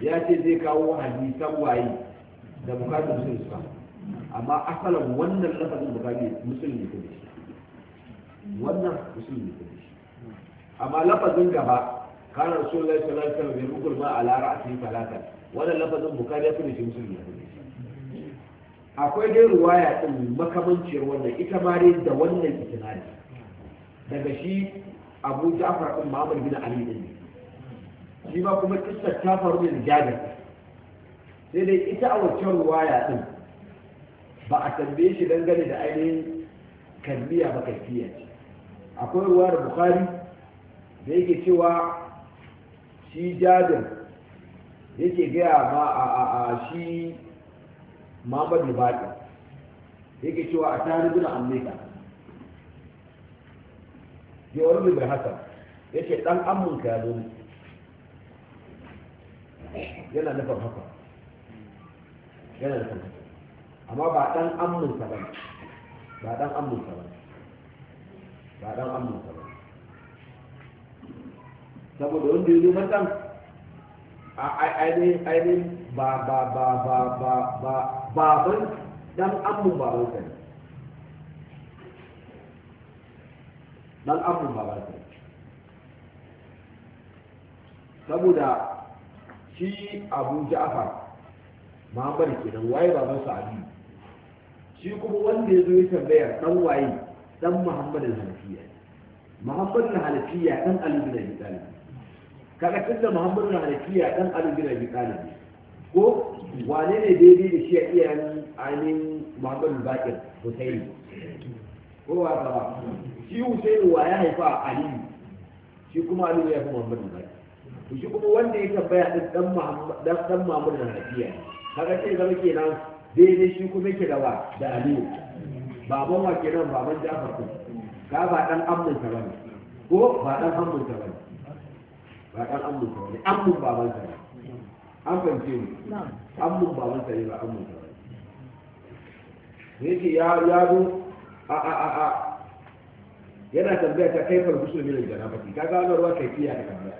ya ce zai kawo hadisan waye da bukatun musulun su amma asalin wannan lafazin bukatun musulmi ne kudi wannan musulmi ne kudi amma lafazin gaba kana rasulullahi sallallahu alaihi wasallam bai a ma ala ra'si talata wannan lafazin bukari ya kudi musulmi ne akwai dai ruwaya din makamanciyar wannan ita ma dai da wannan itinari daga shi Abu Ja'far bin mamur bin Ali din shi ba kuma kissar ta faru da jabir sai dai ita a waccan ruwaya din ba a tambaye shi dangane da ainihin kalmiya ba kaifiya ce akwai ruwa da bukari da yake cewa shi jabir yake gaya ba a shi muhammadu baɗi yake cewa a tarihin amurka yawon rubar hasa yake ɗan amurka ya zo yana nufin haka yana nufin haka amma ba dan amminsa ba ba dan amminsa ba ba dan amminsa ba saboda wanda yanzu matan ne ba ba ba ba ba ba baban dan amun baban ba ne dan amun baban sa saboda shi abu ja'far ma'amar kenan waye baban sa ali shi kuma wanda ya zo ya tambaya dan waye dan muhammad al-hanafiya muhammad al-hanafiya dan ali bin abi talib kaga tunda muhammad al halifiya dan ali bin abi talib ko wane ne daidai da shi a iyayen ainihin muhammad al-baqir husaini ko wa ba shi husaini wa ya haifa Aliyu? shi kuma ali ya fi muhammad al to shi kuma wanda ya tambaya din dan Muhammad dan dan Muhammad da Nafiya kaga sai zama kenan daidai shi kuma yake da wa da Aliyu baban wa kenan baban Jafar ko ka ba dan amman ta ko ba dan amman ta ba dan amman ta bane amman baban ta an fahimce ni amman baban ta ne ba amman ta ne. yake ya ya zo a a a a yana tambaya ta kaifar musulmi da janabati kaga wannan ruwa kai da kamar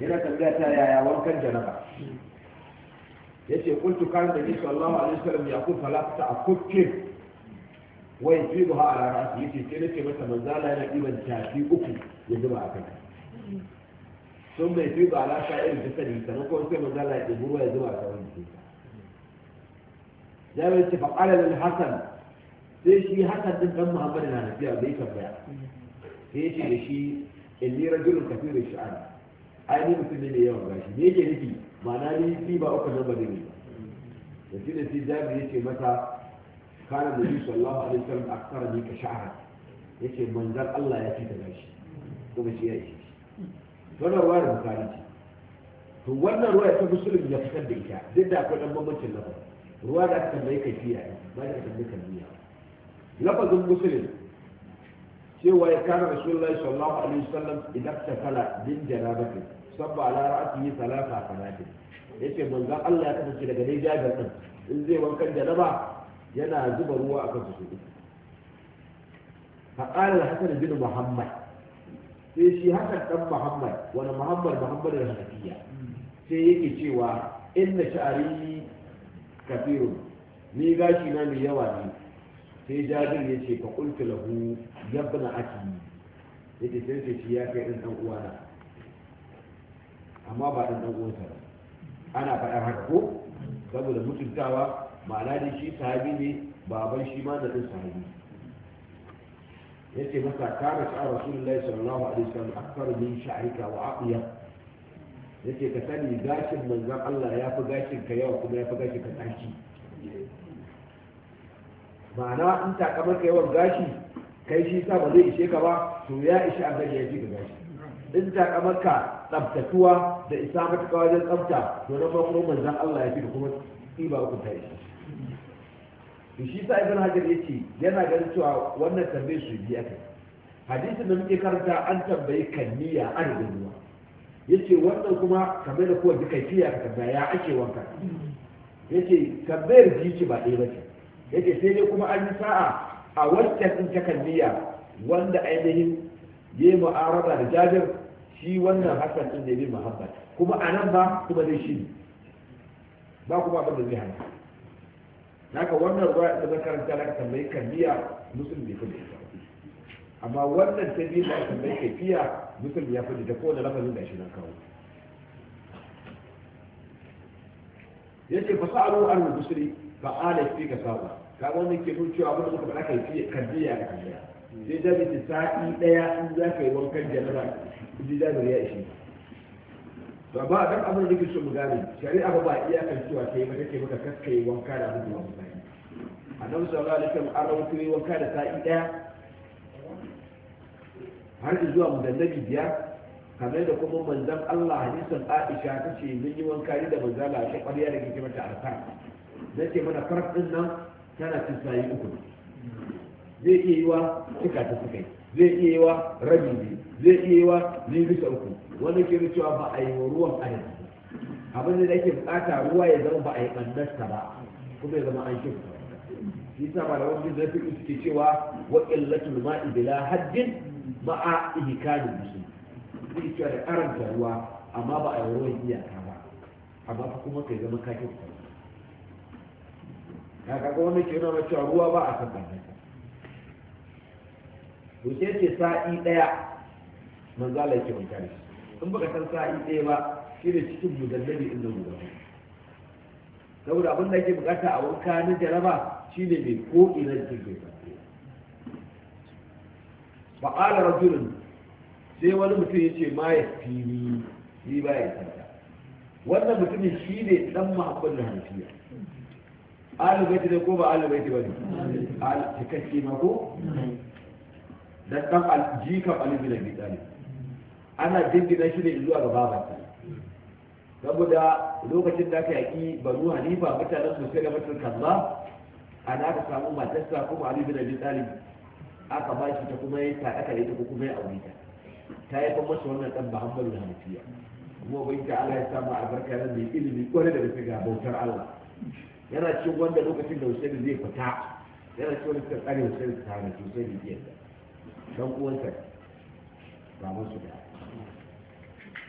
yana tambaya ta yaya wankan janaba yace kuntu kan da Isa sallallahu alaihi wasallam ya kun falakta a kukke wai jibu ha ala ra'si yace sai ce mata manzala yana iban tafi uku ya zuba a kai sun bai fi ba ala irin ta sani sanakon sai manzala ya dibu ya zuba a kai jami'in ce fa'ala alalin hasan sai shi hasan din dan Muhammadu na nafiya bai tambaya sai ce da shi inni rajulun da shi'ani ai ni mutum ne mai yawan gashi me yake nufi ma'ana ni fi ba uku nan ba zai ba da shi ne sai jami'i ya ce mata kana da yi sallahu alaihi wasallam aksara ne ka sha'ara ya ce manzan Allah ya fi ta gashi kuma shi ya ishe shi wannan ruwa da bukari ce to wannan ruwa ta musulun ya fitar da ita duk da akwai dan bambancin lafa ruwa da aka tambaye kai fiya ba da aka tambaye kan biya lafazin musulun cewa ya kana rasulullahi sallallahu alaihi wasallam idan ta kala din jarabati sabba ala ra'atihi salata salatin yace manzon Allah ya kasance daga dai jagar din in zai wankan janaba yana zuba ruwa akan su su فقال hasan bin muhammad sai shi hakan dan muhammad wani muhammad muhammad da hanafiya sai yake cewa inna sha'ari kafirun ni gashi na mai yawa ne sai jabir ya ce fa qultu lahu yabna aki yace sai ce shi ya kai ɗan ɗan uwana amma ba ɗan ɗan uwansa ba ana faɗa haka ko saboda mutuntawa ma'ana da shi sahabi ne baban shi ma da ɗin sahabi ce masa kana sha'a rasulullahi sallallahu alaihi wasallam akthar min sha'rika wa ya ce ka sani gashin manzon Allah ya fi gashin ka yawa kuma ya fi gashin ka tsarki ma'ana an takamar ka yawan gashi kai shi sa ba zai ishe ka ba to ya ishe an gaji ya fi ka gashi in takamar ka tsabtatuwa da isa matuƙa wajen tsabta to na farko manzan Allah ya fi da kuma ɗiba ba ta ishe to shi sa ibn hajar ya ce yana ganin cewa wannan tambayar su biya kai hadisin da muke karanta an tambayi kanniya adadin ruwa ya ce wannan kuma kamar da kowace kaifiya ka tambaya ya ake wanka ya ce tambayar ba ɗaya ba ce yake sai dai kuma an yi sa'a a wacce sun takalliya wanda ainihin ya yi mu'araba da jajir shi wannan hasan din da ya bi muhammad kuma a nan ba kuma zai shi ba kuma abin da zai hana haka wannan ruwa da zai karanta na tambayi kalliya musulmi ya fi amma wannan ta biyu da tambayi kaifiya musulmi ya fi da kowane lafazin da shi na kawo yace fasalu al-busri fa ala fi ka saba ka ne ke nuna cewa abin da muka faɗa kai fiye kaddiya da biya zai da ta sa'i daya in za ka yi wankan janaba ji da ya ishe to ba a ɗan abin da nake so mu gane shari'a ba ba iyakar cewa yi mata ke maka yi wanka da abin da ba A nan sallallahu alaihi wasallam an rawaito yi wanka da sa'i daya har zuwa mudannabi biyar kamar da kuma manzan Allah hadisin Aisha ta ce mun yi wanka da manzan a ta ƙwarya da ke mata alfa Zai ce mana farkin nan tana cin sayi uku zai iya yi wa cika ta suka yi zai iya yi wa rabi ne zai iya yi wa ne bisa uku wanda ke cewa ba a yi wa ruwan adadi abin da ake bukata ruwa ya zama ba a yi ɓandarsa ba kuma ya zama an shi shi sa ba da wani zafi suke cewa wa illatul ma'i bila haddin ma'a ihkanin bisu zai cewa da karanta ruwa amma ba a yi ruwan iyaka ba amma kuma kai zama kakin ya kaga wani ke nuna cewa ruwa ba a san barnata to sai ce sa'i daya manzo Allah yake wanka da in baka san sa'i daya ba shi da cikin mudallabi inda ruwa saboda abin da ke bukata a wanka na jaraba shi ne mai ko ina jirgin ba ala rajulun sai wani mutum ya ce ma ya fi ni ba ya tsada wannan mutumin shi ne dan mahabbin na hanfiya ahlul baiti ne ko ba ahlul baiti ba ne al cikakke mako ko dan dan aljika ali bin abi talib ana jirgin shi ne zuwa ga babansa saboda lokacin da aka yaƙi banu hanifa mutanen su sai da mutum kaza na aka samu matarsa kuma ali bin abi aka ba shi ta kuma ya ta aka yi ta kuma ya auri ta ta yi kuma su wannan dan muhammadu na hanifiya kuma ubangi Allah ya samu albarka nan mai ilimi kwarai da gaske ga bautar Allah yana cikin wanda lokacin da Hussein zai fita yana cikin wanda tsare Hussein ta ne Hussein zai yadda dan uwansa ba musu da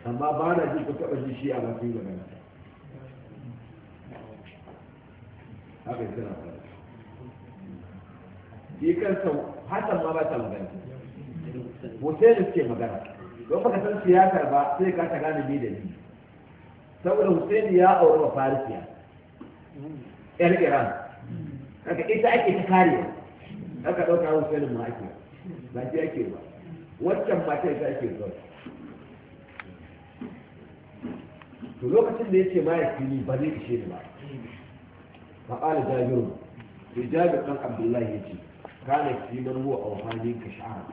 amma ba na ji ku taba ji shi a matsayin magana haka yana fara shi kansa hasan ma ba ta magana da suke magana don baka san siyasar ba sai ka ta gane bi da ni saboda Hussein ya auri wa Farisiya yan iran haka ita ake ta kare haka ɗauka yanin ma ake ba ce ake ba wancan mata ita ake zuwa to lokacin da ya ce maya fili ba zai ishe ni ba faƙala jabiru to jabiru ɗan abdullahi ya ce kana kimar ruwa a wafani ka sha'ar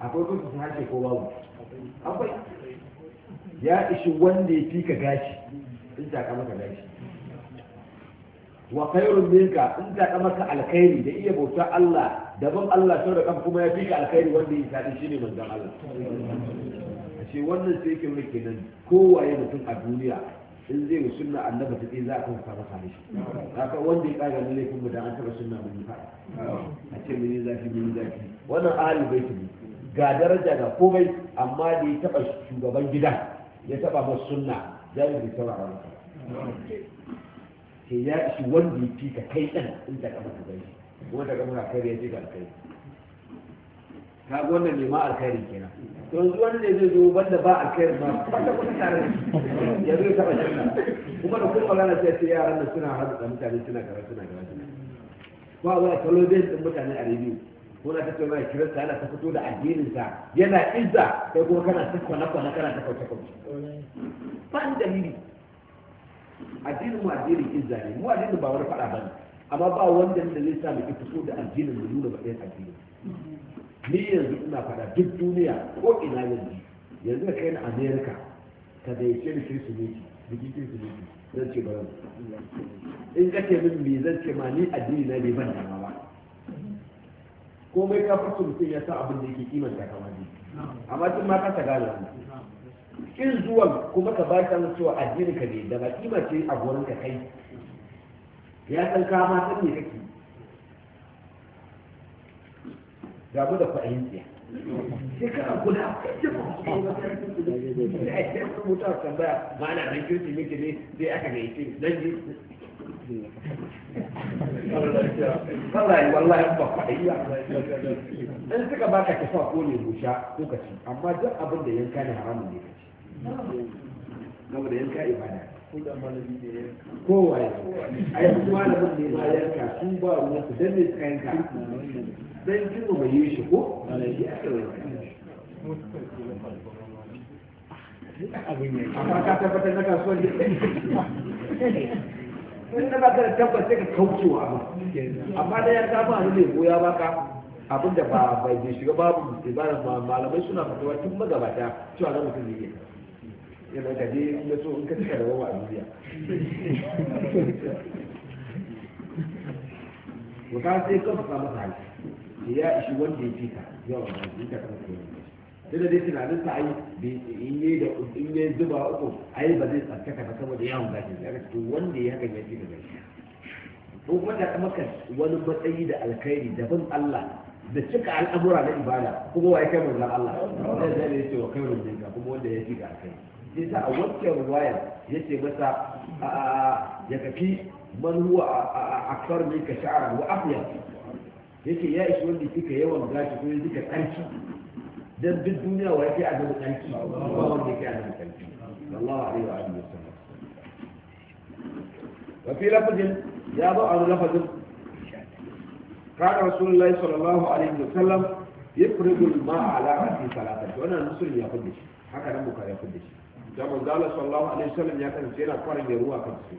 akwai kuka su hace ko babu akwai ya ishi wanda ya fi ka gashi in taka maka gashi wa khairun minka in ka da maka alkhairi da iya bauta Allah daban Allah sau da kan kuma ya fi alkhairi wanda ya sadi shine manzon Allah A ce wannan sai yake nuna kenan kowaye mutum a duniya in zai yi sunna annaba ta za a kuma fara fare shi haka wanda ya kaga ne laifin mu da an taba sunna mun yi fara a ce mun yi zafi mun yi zafi wannan ahli baiti ne ga daraja ga komai amma da ya taba shugaban gida ya taba masa sunna zai bi tawara masa sai ya ishi wanda ya fi ka kai ɗan in ta kama ka gani wanda ka muna kai ya ji ka kai ka ga wannan ne ma alkhairi kenan to yanzu wani ne zai zo banda ba alkhairi ma banda kuma tare ya zai taɓa janna kuma da kuma magana sai sai yaran da suna haɗu da mutane suna gara suna gara suna ba za a kallo zai ɗin mutane a rediyo ko na tattauna da kirista yana ta fito da addininsa yana izza kai kuma kana ta kwana kwana kana ta kauce kauce ban dalili addinin mu addinin izza mu addinin ba wani faɗa ba ne amma ba wanda da zai sa mu ki fito da addinin mu nuna ba ɗayan addini ni yanzu ina faɗa duk duniya ko ina yanzu yanzu ka kai na Amerika ka da yake da kirsimeti bikin kirsimeti zan ce ba in ka ce min me zan ce ma ni addini na ne ban dama ba komai ka fito mutum ya sa abin da yake kimanta kamar ni amma tun ma ka ta gane In zuwan kuma ka ba ta cewa addinin ka ne da ba kima ce a gurin ka kai ya san ka ma san me kake ga mu da fahimta sai kana kula da ake rubuta tambaya na nan kirki miki ne sai aka ga yake dan ji wallahi wallahi ba fahimta in suka baka kifa ko ne busha ko kaci amma duk abin da yanka ne haramun ne game da yanka ibada a yi kuma da mutum ya yanka sun ba su dan ne dan ba yi shi ko a tabbatar ne ba ka da a sai ka kaucewa abin amma da yanka ba ne goya abin da ba bai shiga babu ibadan malamai suna fitowa tun magabata cewa na mutum ne yana dai ya so in ka cika da wawa a duniya to ka sai ka fasa masa hali ya ishi wanda ya fita yawan da ya ta kasa yawan da dai tunanin sa ai in yi da in yi zuba uku ai ba zai tsarkaka ba saboda yawan gashi ya ga to wanda ya hakan ya fi da gashi ko kuma da maka wani matsayi da alkhairi daban Allah da cika al'amura na ibada kuma wa ya kai manzon Allah da zai ne ce wa kai kairun dinka kuma wanda ya fi da alkhairi sai ta a wancan ruwaya ce masa ya kafi a huwa akthar ka sha'ran wa ya ke ya ishi wanda suka yawan gashi ko kika karki don duk duniya wa ya a annabi karki ba wanda ke yake annabi karki sallallahu alaihi wa alihi wasallam wa fi lafazin ya zo a lafazin kana rasulullahi sallallahu alaihi wa sallam al-ma'a ala ra'si salatan wannan musulmi ya fudde shi haka nan bukari ya fudde shi da manzala sallallahu alaihi wasallam ya kasance yana fara ya ruwa kan su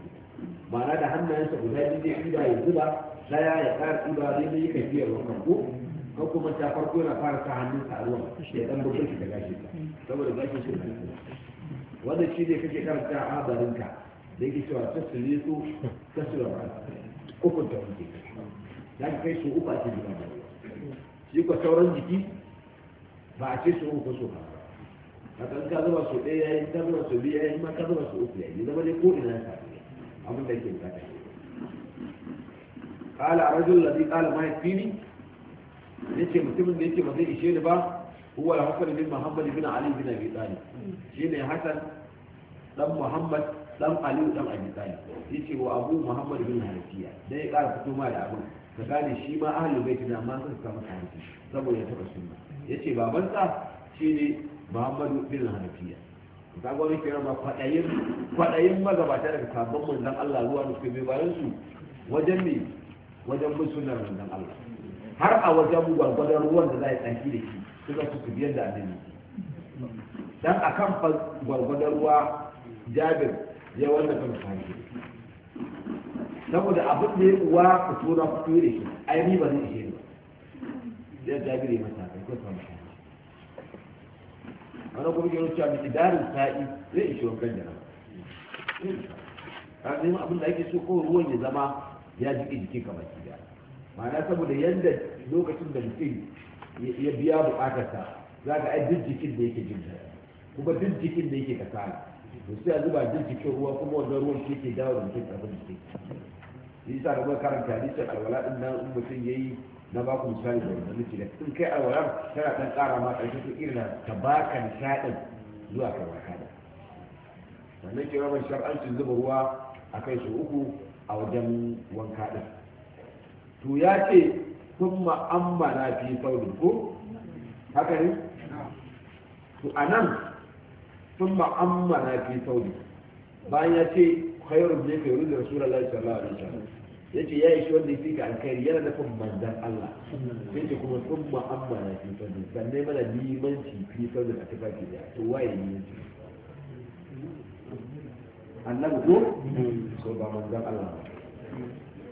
ma'ana da hannayensa guda biyu zai ida ya zuba daya ya ƙara ida zai zai kai biyar wannan ko ko kuma ta farko yana fara sa hannunsa a ruwan ya dan bugun shi da gashi saboda gashi shi da wanda shi ne kake karanta a habarinka da yake cewa ta sule su ta sule ba ukun ta wuce za kai su uku a cikin gaba shi ko sauran jiki ba a ce su uku su ba hakan ka zuba su ɗaya yayin ka zuba su biyu yayin ma ka zuba su uku yayin zama dai ko ina ya samu abin da yake bukata qala rajul ladhi qala ma yakfini yace mutumin da yake ba zai ishe ni ba huwa al-hasan bin muhammad bin ali bin abi talib shine hasan dan muhammad dan ali dan abi talib yace wa abu muhammad bin hanafiya dai ya kara fito ma da abin ka gane shi ma ahlul bait ne amma sun samu hanafi saboda ya taba sunna yace babansa shine muhammadu bin hanafiya ta gwani kiran ma kwaɗayin magabata daga sabon manzan allah zuwa da kuma bayan su wajen ne wajen bin sunan allah har a wajen gwargwadon ruwan da za a yi tsaki da shi suka suka biyan da annabi dan akan gwargwadon ruwa jabir ya wanda kan fahimci saboda abin da ya uwa ku tura ku tura shi ai ba ne ishe ba da jabiri mata kai ko na gobe yau cewa miki darin sa'i zai ishe wankan jaraba ka zai abin da ake so ko ruwan ya zama ya jiki jiki kamar gida ma'ana saboda yadda lokacin da mutum ya biya bukatarsa za ka ai duk jikin da yake jin daɗi kuma duk jikin da yake kasala to sai a zuba duk jikin ruwa kuma wanda ruwan shi ke dawo da mutum karfin jiki sa da kuma karanta hadisin alwala ɗin nan in mutum yayi na ba ku misali da wani nake da in kai alwalar tana kan tsara ma ƙarshe su irin ta ba ka nishaɗin zuwa kan baka da sannan ke rabar shar'ancin zuba ruwa a kai su uku a wajen wanka ɗin to ya ce sun ma'amma na fi saurin ko haka ne to a nan sun ma'amma na fi saurin bayan ya ce khairun ne kai rudin rasulallah sallallahu alaihi wasallam ya ce ya shi wanda ya fi ka alkhairi yana nufin manzan Allah sai ce kuma sun ma'amma na fi fadi sannan mana limanci fi fadi a tufafi ne to waye ne annabi ko so ba manzan Allah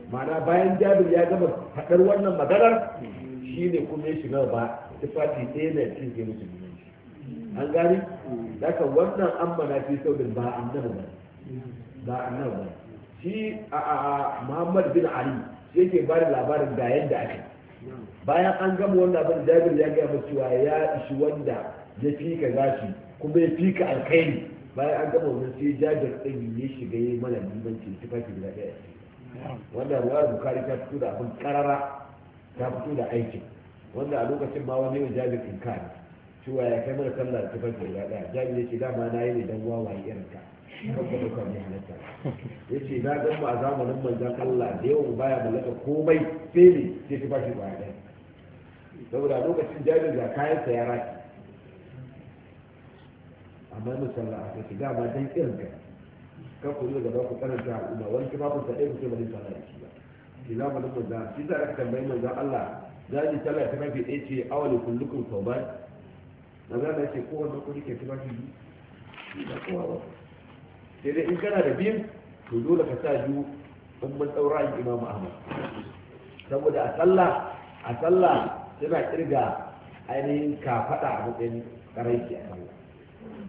ma'ana bayan jabir ya gama faɗar wannan maganar shi ne kuma ya shiga ba tufafi ɗaya na cin ke musu an gani daga wannan amma na fi saurin ba annabi ba ba annabi ba shi a muhammad bin ali sai yake ba da labarin da yadda aka bayan an gama wannan abin jabir ya gaya mu cewa ya ishi wanda ya fi ka gashi kuma ya fi ka alkhairi bayan an gama wannan sai jabir din ya shiga yayi mana limanci da guda daya wannan ruwayar bukari ta fito da abin karara ta fito da aikin wanda a lokacin ma wani yau jabir inkari cewa ya kai mana sallar tufafi guda daya jabir ya ce dama na yi ne dan wawaye irin ka ya ce na gan ba zamanin manzan Allah da yawan baya mallaka komai sai ne sai ta bashi baya ɗaya saboda lokacin jami'in da kayan sa ya raki amma musalla a kai ga ma dan irin ka kan ku daga ba ku karanta al'umma wani kuma ku sadai ku ce bari sallah da shi ba ki zamanin manzan shi da aka tambayi manzan Allah za ni sallah ta mafi ɗaya ce awali kullukum tauban manzan da ce kowanne ku ke ta mafi biyu ba kowa ba sai dai in kana da biyu to dole ka sa biyu in mun tsaura yin imamu ahmad saboda a sallah a sallah suna kirga ainihin kafaɗa a matsayin ƙaraiki a sallah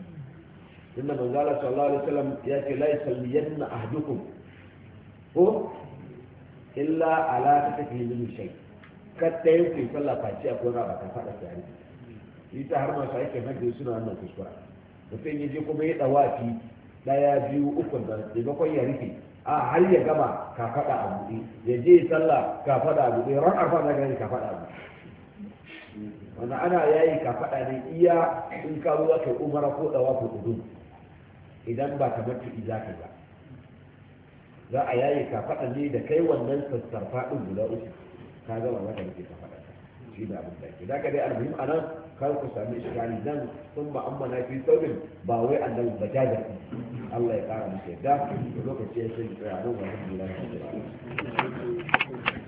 inda manzala sallallahu alaihi wasallam ya ce la yusalliyanna ahdukum ko illa ala takfilihi shay katta yin kai sallah faci a gona ba ta faɗa tare ita har masu aikin hajji suna wannan kuskura mutum ya je kuma ya ɗawafi daya biyu uku da maimakon ya rufe a har ya gama ka faɗa a buɗe ya je sallah ka faɗa a buɗe ran arfa na gani ka faɗa a buɗe wanda ana yayi ka faɗa ne iya in ka zo ka umara ko da ko kudu idan ba ka bar iza ka ba za a yayi ka faɗa ne da kai wannan sassarfa ɗin guda uku ka gama wata da ke ka faɗa shi da abin da ke za ka dai almuhim a nan kar ku sami shi ni dan sun ba amma na fi saurin ba wai annabi ba jaja Allah ya kara musu yadda lokaci ya sai ya nan wa Allah